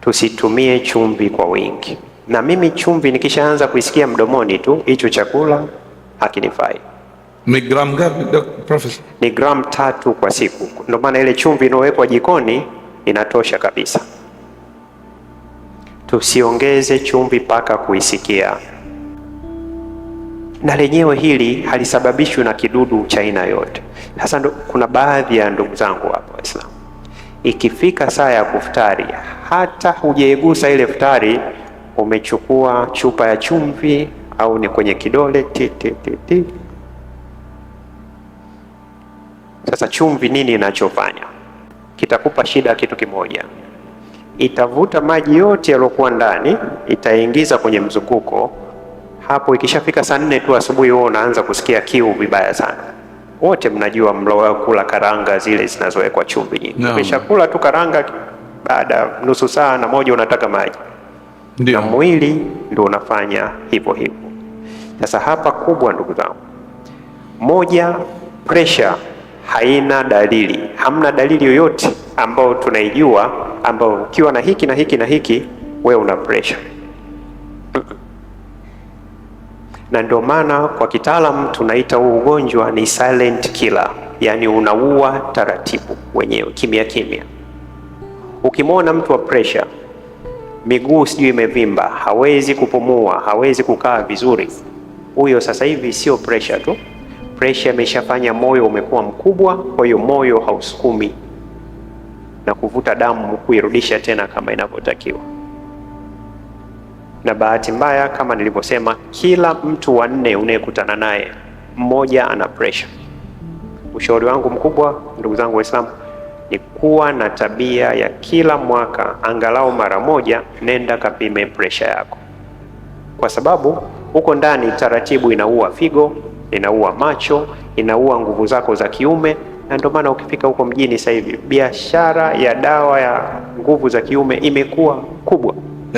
tusitumie chumvi kwa wingi. Na mimi chumvi nikishaanza kuisikia mdomoni tu, hicho chakula hakinifai. Ni gramu ngapi profesa? Ni gramu tatu kwa siku. Ndio maana ile chumvi inayowekwa jikoni inatosha kabisa. Tusiongeze chumvi mpaka kuisikia. Na lenyewe hili halisababishwi na kidudu cha aina yote. Sasa kuna baadhi ya ndugu zangu hapa Waislamu ikifika saa ya kuftari, hata hujaigusa ile futari, umechukua chupa ya chumvi au ni kwenye kidole ti, ti, ti, ti. Sasa chumvi nini inachofanya? Kitakupa shida kitu kimoja, itavuta maji yote yaliyokuwa ndani, itaingiza kwenye mzunguko. Hapo ikishafika saa nne tu asubuhi, wewe unaanza kusikia kiu vibaya sana wote mnajua mlo kula karanga zile zinazowekwa chumvi nyingi. Umeshakula tu karanga, baada nusu saa na moja unataka maji, na mwili ndio unafanya hivyo hivyo. Sasa hapa kubwa, ndugu zangu, moja, pressure haina dalili, hamna dalili yoyote ambayo tunaijua ambayo ukiwa na hiki na hiki na hiki, wewe una pressure. na ndio maana kwa kitaalam tunaita huu ugonjwa ni silent killer, yaani unaua taratibu wenyewe kimya kimya. Ukimwona mtu wa pressure, miguu sijui imevimba, hawezi kupumua, hawezi kukaa vizuri, huyo sasa hivi sio pressure tu, pressure imeshafanya moyo umekuwa mkubwa, kwa hiyo moyo hausukumi na kuvuta damu kuirudisha tena kama inavyotakiwa na bahati mbaya, kama nilivyosema, kila mtu wa nne unayekutana naye mmoja ana pressure. Ushauri wangu mkubwa, ndugu zangu Waislamu, ni kuwa na tabia ya kila mwaka angalau mara moja, nenda kapime pressure yako, kwa sababu huko ndani taratibu inaua figo, inaua macho, inaua nguvu zako za kiume na ndio maana ukifika huko mjini sasa hivi biashara ya dawa ya nguvu za kiume imekuwa kubwa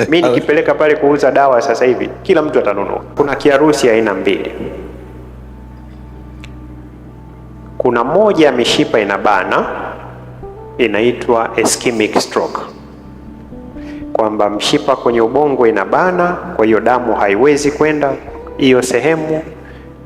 mi nikipeleka pale kuuza dawa sasa hivi kila mtu atanunua. Kuna kiharusi aina mbili, kuna moja ya mishipa inabana inaitwa ischemic stroke, kwamba mshipa kwenye ubongo inabana, kwa hiyo damu haiwezi kwenda hiyo sehemu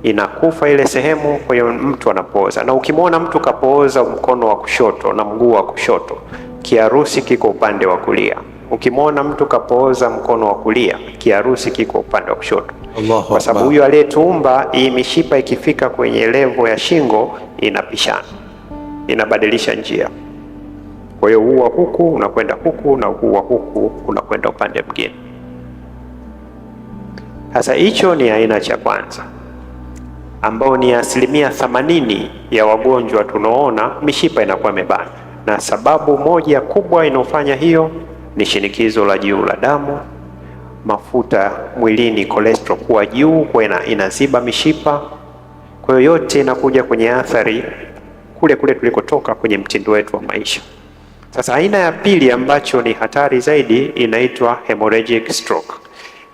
inakufa ile sehemu, kwa hiyo mtu anapooza. Na ukimwona mtu kapooza mkono wa kushoto na mguu wa kushoto, kiharusi kiko upande wa kulia. Ukimwona mtu kapooza mkono wa kulia, kiharusi kiko upande wa kushoto, kwa sababu huyo aliyetuumba, hii mishipa ikifika kwenye levo ya shingo inapishana, inabadilisha njia. Kwa hiyo huu wa huku unakwenda huku na huu wa huku unakwenda upande mwingine. Sasa hicho ni aina cha kwanza, ambao ni asilimia themanini ya wagonjwa tunaoona mishipa inakuwa imebana, na sababu moja kubwa inaofanya hiyo ni shinikizo la juu la damu, mafuta mwilini, cholesterol kuwa juu, kwa inaziba mishipa. Kwa hiyo yote inakuja kwenye athari kule kule tulikotoka kwenye mtindo wetu wa maisha. Sasa aina ya pili ambacho ni hatari zaidi inaitwa hemorrhagic stroke,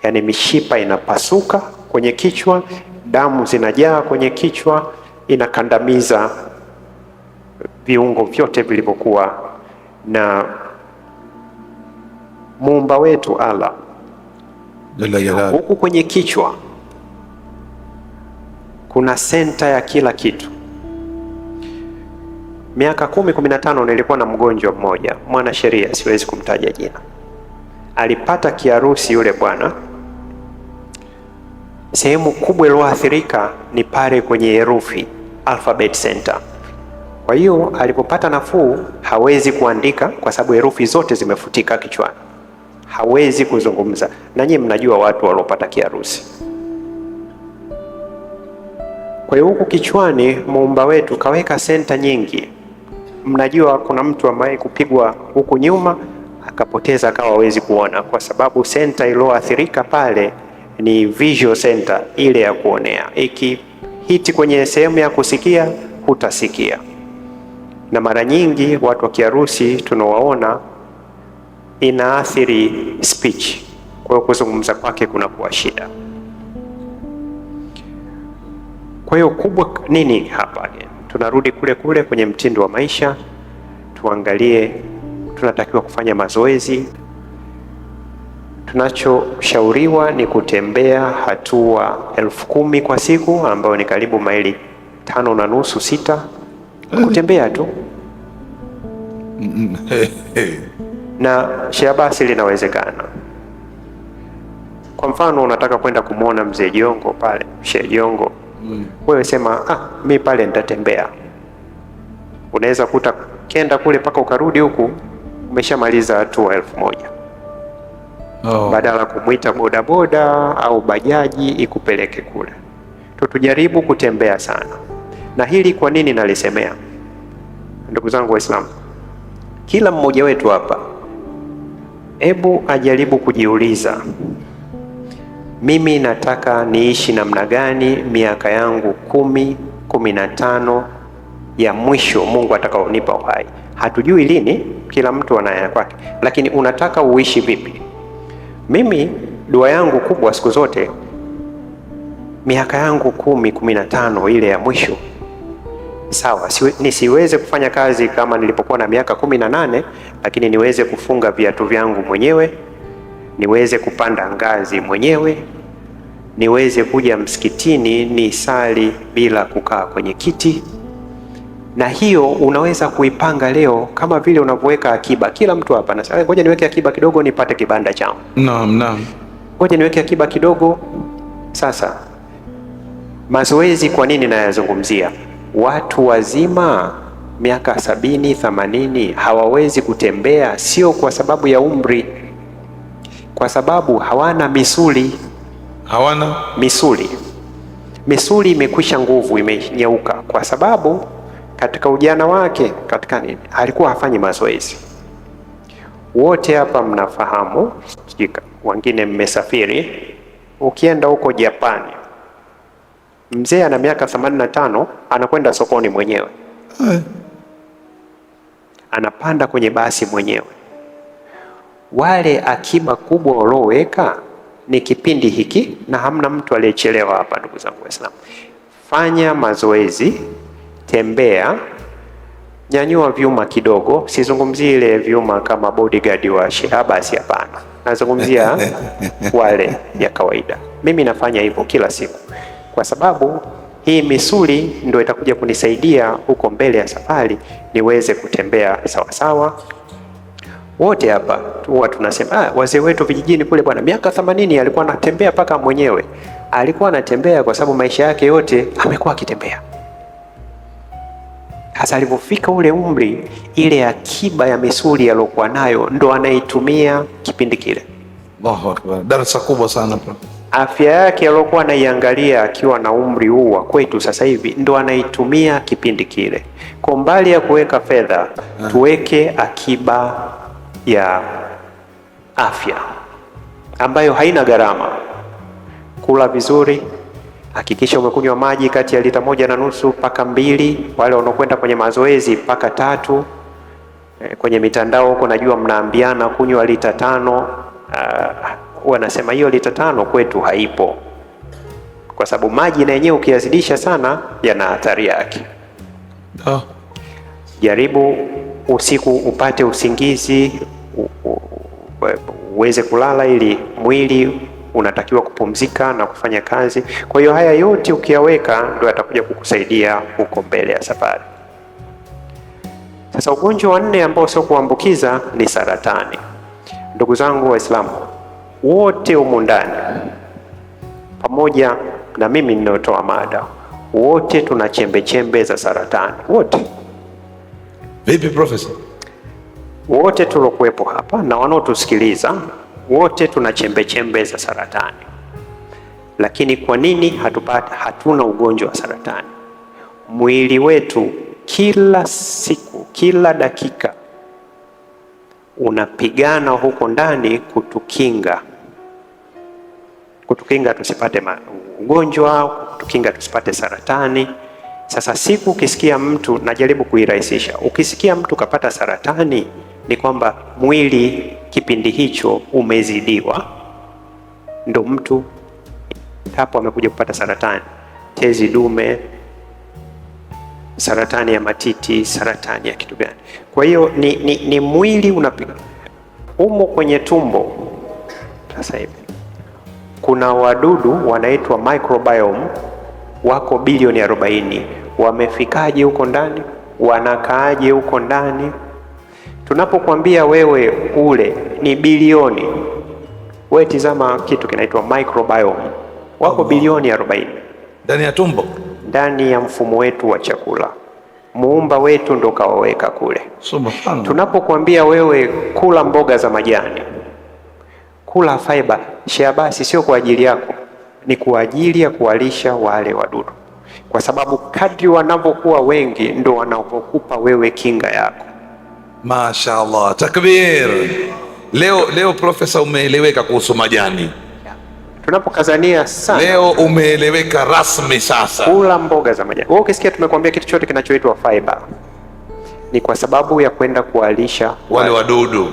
yaani mishipa inapasuka kwenye kichwa, damu zinajaa kwenye kichwa, inakandamiza viungo vyote vilivyokuwa na muumba wetu ala Huku kwenye kichwa kuna senta ya kila kitu. Miaka kumi kumi na tano nilikuwa na mgonjwa mmoja mwana sheria, siwezi kumtaja jina. Alipata kiharusi yule bwana, sehemu kubwa iliyoathirika ni pale kwenye herufi alphabet center. Kwa hiyo alipopata nafuu, hawezi kuandika kwa sababu herufi zote zimefutika kichwani hawezi kuzungumza. Na nyinyi mnajua watu waliopata kiharusi. Kwa hiyo huku kichwani muumba wetu kaweka senta nyingi. Mnajua kuna mtu ambaye kupigwa huku nyuma akapoteza akawa hawezi kuona, kwa sababu senta iliyoathirika pale ni visual center, ile ya kuonea. Ikihiti kwenye sehemu ya kusikia, hutasikia. Na mara nyingi watu wa kiharusi tunawaona inaathiri speech, kwa hiyo kuzungumza kwake kunakuwa shida. Kwa hiyo kubwa nini hapa? Tunarudi kule kule kwenye mtindo wa maisha, tuangalie tunatakiwa kufanya mazoezi. Tunachoshauriwa ni kutembea hatua elfu kumi kwa siku, ambayo ni karibu maili tano na nusu sita, kutembea tu na shia basi linawezekana. Kwa mfano unataka kwenda kumwona mzee Jongo pale, Shehe Jongo mm. Wewe sema ah, mi pale nitatembea. Unaweza kuta kenda kule mpaka ukarudi huku umeshamaliza hatua elfu moja oh. Badala ya kumwita bodaboda au bajaji ikupeleke kule. Tutujaribu kutembea sana, na hili kwa nini nalisemea, ndugu zangu Waislamu, kila mmoja wetu hapa hebu ajaribu kujiuliza, mimi nataka niishi namna gani miaka yangu kumi, kumi na tano ya mwisho Mungu atakaonipa uhai? Hatujui lini, kila mtu anaya kwake, lakini unataka uishi vipi? Mimi dua yangu kubwa siku zote, miaka yangu kumi, kumi na tano ile ya mwisho sawa, nisiweze kufanya kazi kama nilipokuwa na miaka kumi na nane, lakini niweze kufunga viatu vyangu mwenyewe, niweze kupanda ngazi mwenyewe, niweze kuja msikitini nisali bila kukaa kwenye kiti. Na hiyo unaweza kuipanga leo kama vile unavyoweka akiba. Kila mtu hapa na ngoja niweke akiba kidogo nipate kibanda changu. Naam, naam. Ngoja niweke akiba kidogo. Sasa mazoezi, kwa nini nayazungumzia? watu wazima miaka sabini themanini hawawezi kutembea, sio kwa sababu ya umri, kwa sababu hawana misuli. Hawana misuli, misuli imekwisha nguvu, imenyeuka, kwa sababu katika ujana wake, katika nini, alikuwa hafanyi mazoezi. Wote hapa mnafahamu, wengine mmesafiri, ukienda huko Japani Mzee ana miaka 85 anakwenda sokoni mwenyewe, eh. anapanda kwenye basi mwenyewe. Wale akiba kubwa walioweka ni kipindi hiki, na hamna mtu aliyechelewa hapa, ndugu zangu Waislamu. Fanya mazoezi, tembea, nyanyua vyuma kidogo. Sizungumzii ile vyuma kama bodyguard wa Sheha, hapana, nazungumzia wale ya kawaida. Mimi nafanya hivyo kila siku kwa sababu hii misuli ndio itakuja kunisaidia huko mbele ya safari niweze kutembea sawasawa sawa. Wote hapa huwa tunasema ah, wazee wetu vijijini kule bwana, miaka themanini alikuwa anatembea mpaka mwenyewe. Alikuwa anatembea kwa sababu maisha yake yote amekuwa akitembea. Hasa alipofika ule umri, ile akiba ya misuli aliyokuwa nayo ndo anaitumia kipindi kile. Allahu Akbar, darasa kubwa sana afya yake aliyokuwa anaiangalia akiwa na umri huu wa kwetu sasa hivi ndo anaitumia kipindi kile. Kwa mbali ya kuweka fedha, ah. tuweke akiba ya afya ambayo haina gharama. Kula vizuri, hakikisha umekunywa maji kati ya lita moja na nusu mpaka mbili. Wale wanaokwenda kwenye mazoezi mpaka tatu. Eh, kwenye mitandao huko najua mnaambiana kunywa lita tano. Uh, wanasema hiyo lita tano kwetu haipo, kwa sababu maji na yenyewe ukiyazidisha sana yana hatari yake. Oh. Jaribu usiku upate usingizi uweze kulala, ili mwili unatakiwa kupumzika na kufanya kazi. Kwa hiyo haya yote ukiyaweka, ndio atakuja kukusaidia huko mbele ya safari. Sasa ugonjwa wa nne ambao sio kuambukiza ni saratani. Ndugu zangu Waislamu, wote humu ndani pamoja na mimi ninayotoa mada, wote tuna chembe chembe za saratani wote. Vipi profesa? Wote tulokuwepo hapa na wanaotusikiliza wote tuna chembe chembe za saratani, lakini kwa nini hatupata, hatuna ugonjwa wa saratani? Mwili wetu kila siku, kila dakika unapigana huko ndani kutukinga, kutukinga tusipate ugonjwa, kutukinga tusipate saratani. Sasa siku ukisikia mtu, najaribu kuirahisisha, ukisikia mtu kapata saratani, ni kwamba mwili kipindi hicho umezidiwa, ndo mtu hapo amekuja kupata saratani, tezi dume saratani ya matiti, saratani ya kitu gani. Kwa hiyo ni, ni, ni mwili unapiga umo kwenye tumbo. Sasa hivi kuna wadudu wanaitwa microbiome wako bilioni arobaini. Wamefikaje huko ndani? Wanakaaje huko ndani? Tunapokuambia wewe ule ni bilioni, wewe tizama kitu kinaitwa microbiome wako bilioni arobaini ndani ya tumbo ndani ya mfumo wetu wa chakula. Muumba wetu ndo kawaweka kule. Subhanallah. Tunapokuambia wewe kula mboga za majani, kula fiber, basi sio kwa ajili yako, ni kwa ajili ya kuwalisha wale wadudu, kwa sababu kadri wanavyokuwa wengi ndo wanavyokupa wewe kinga yako. Mashaallah, takbir! Leo leo profesa, umeeleweka kuhusu majani tunapokazania sana. Leo umeeleweka rasmi sasa. Kula mboga za majani. Wewe ukisikia tumekuambia kitu chote kinachoitwa fiber ni kwa sababu ya kwenda kuwalisha wale wadudu,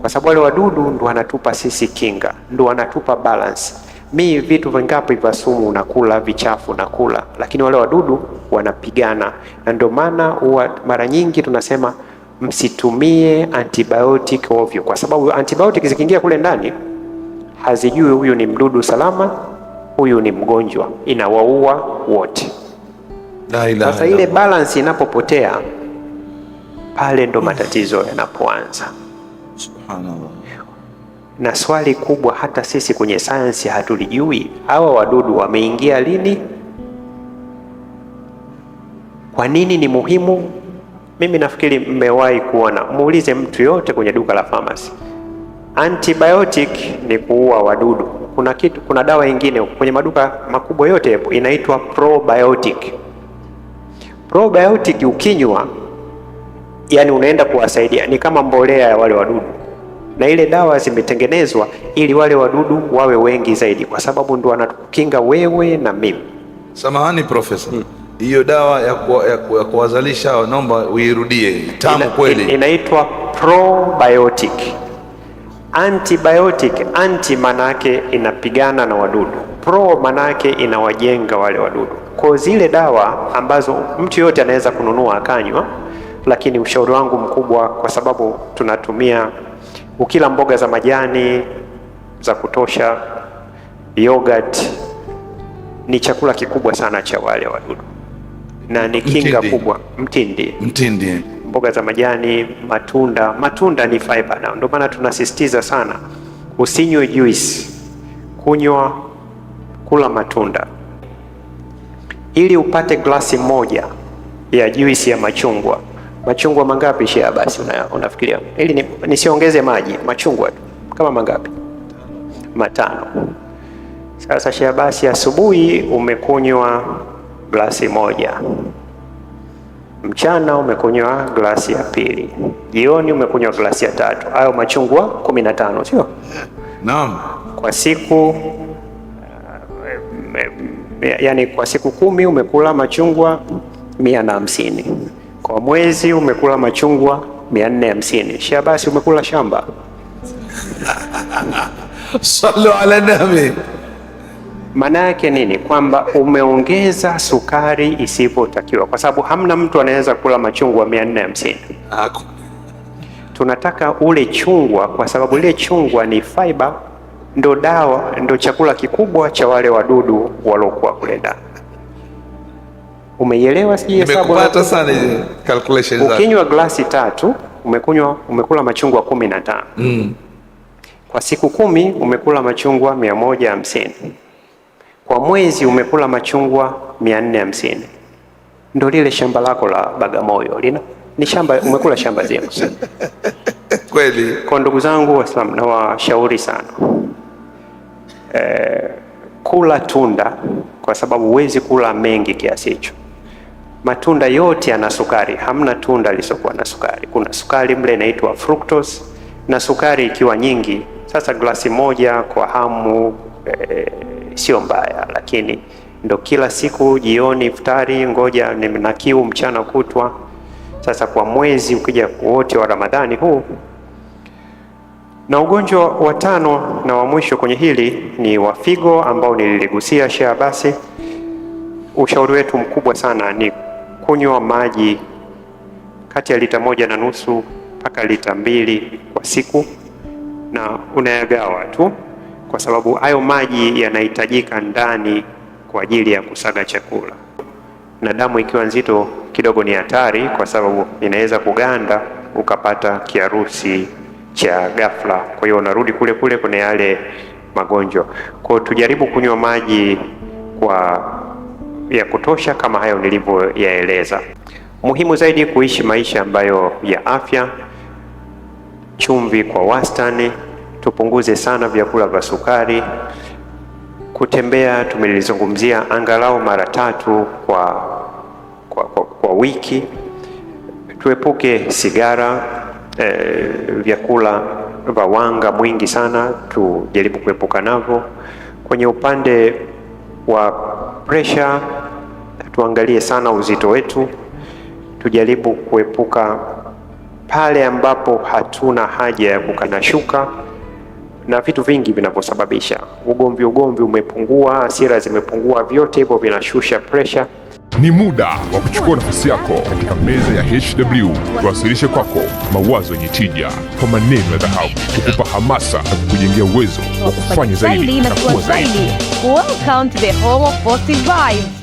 kwa sababu wale wadudu ndo wanatupa sisi kinga, ndo wanatupa balance. Mi vitu vingapi vya sumu unakula, vichafu unakula, lakini wale wadudu wanapigana, na ndio maana huwa mara nyingi tunasema msitumie antibiotic ovyo, kwa sababu antibiotic zikiingia kule ndani hazijui huyu ni mdudu salama, huyu ni mgonjwa, inawaua wote. Sasa ile balance inapopotea pale ndo matatizo yanapoanza. Na swali kubwa, hata sisi kwenye sayansi hatulijui, hawa wadudu wameingia lini? Kwa nini ni muhimu? Mimi nafikiri mmewahi kuona, muulize mtu yote kwenye duka la famasi Antibiotic ni kuua wadudu. Kuna kitu, kuna dawa nyingine kwenye maduka makubwa yote hapo inaitwa probiotic. Probiotic ukinywa, yani unaenda kuwasaidia, ni kama mbolea ya wale wadudu, na ile dawa zimetengenezwa ili wale wadudu wawe wengi zaidi, kwa sababu ndio wanatukinga wewe na mimi. Samahani profesa, hmm. hiyo hmm, dawa ya kuwazalisha, naomba uirudie, tamu kweli, inaitwa probiotic. Antibiotic, anti manake inapigana na wadudu, pro manake inawajenga wale wadudu. Kwa zile dawa ambazo mtu yote anaweza kununua akanywa, lakini ushauri wangu mkubwa, kwa sababu tunatumia ukila mboga za majani za kutosha, yogurt ni chakula kikubwa sana cha wale wadudu na ni kinga mtindi kubwa, mtindi mtindi mboga za majani, matunda. Matunda ni fiber, na ndio maana tunasisitiza sana usinywe juice, kunywa kula matunda. Ili upate glasi moja ya juisi ya machungwa, machungwa mangapi shia? Basi una, unafikiria ili nisiongeze maji, machungwa tu kama mangapi? Matano. Sasa shia, basi, asubuhi umekunywa glasi moja. Mchana umekunywa glasi ya pili, jioni umekunywa glasi ya tatu, hayo machungwa kumi na tano, sio? Naam. Kwa siku yaani, kwa siku kumi umekula machungwa mia na hamsini, kwa mwezi umekula machungwa mia nne hamsini. Sha basi umekula shamba. Sallu ala nabi. Maana yake nini? Kwamba umeongeza sukari isipotakiwa, kwa sababu hamna mtu anaweza kula machungwa mia nne hamsini. Tunataka ule chungwa, kwa sababu ile chungwa ni fiber, ndo dawa, ndo chakula kikubwa cha wale wadudu waliokuwa kule ndani. Umeielewa? si hesabu sana hizo calculations. Ukinywa glasi tatu umekunywa umekula machungwa kumi na tano mm. Kwa siku kumi umekula machungwa mia moja hamsini kwa mwezi umekula machungwa mia nne hamsini ndo lile shamba lako la Bagamoyo lina ni shamba umekula shamba zima kweli. Kwa ndugu zangu Waislamu nawashauri sana e, kula tunda kwa sababu huwezi kula mengi kiasi hicho. Matunda yote yana sukari, hamna tunda lisokuwa na sukari. Kuna sukari mle inaitwa fructose, na sukari ikiwa nyingi, sasa glasi moja kwa hamu e, sio mbaya, lakini ndo kila siku jioni iftari, ngoja na kiu mchana kutwa. Sasa kwa mwezi ukija wote wa Ramadhani huu. Na ugonjwa wa tano na wa mwisho kwenye hili ni wa figo ambao nililigusia shaa. Basi ushauri wetu mkubwa sana ni kunywa maji kati ya lita moja na nusu mpaka lita mbili kwa siku, na unayagawa tu kwa sababu hayo maji yanahitajika ndani kwa ajili ya kusaga chakula, na damu ikiwa nzito kidogo ni hatari, kwa sababu inaweza kuganda ukapata kiharusi cha ghafla, kwa hiyo unarudi kule kule kwenye yale magonjwa. Kwa hiyo tujaribu kunywa maji kwa ya kutosha kama hayo nilivyoyaeleza. Muhimu zaidi kuishi maisha ambayo ya afya, chumvi kwa wastani tupunguze sana vyakula vya sukari. Kutembea tumelizungumzia angalau mara tatu kwa, kwa, kwa, kwa wiki. Tuepuke sigara, eh, vyakula vya wanga mwingi sana tujaribu kuepuka navyo. Kwenye upande wa presha tuangalie sana uzito wetu, tujaribu kuepuka pale ambapo hatuna haja ya kukanashuka na vitu vingi vinavyosababisha ugomvi. Ugomvi umepungua, hasira zimepungua, vyote hivyo vinashusha presha. Ni muda wa kuchukua nafasi yako katika meza ya HW, tuwasilishe kwako mawazo yenye tija kwa maneno ya dhahabu, kukupa hamasa na kukujengea uwezo wa kufanya zaidi na kuwa zaidi. Welcome to the home of positive vibes.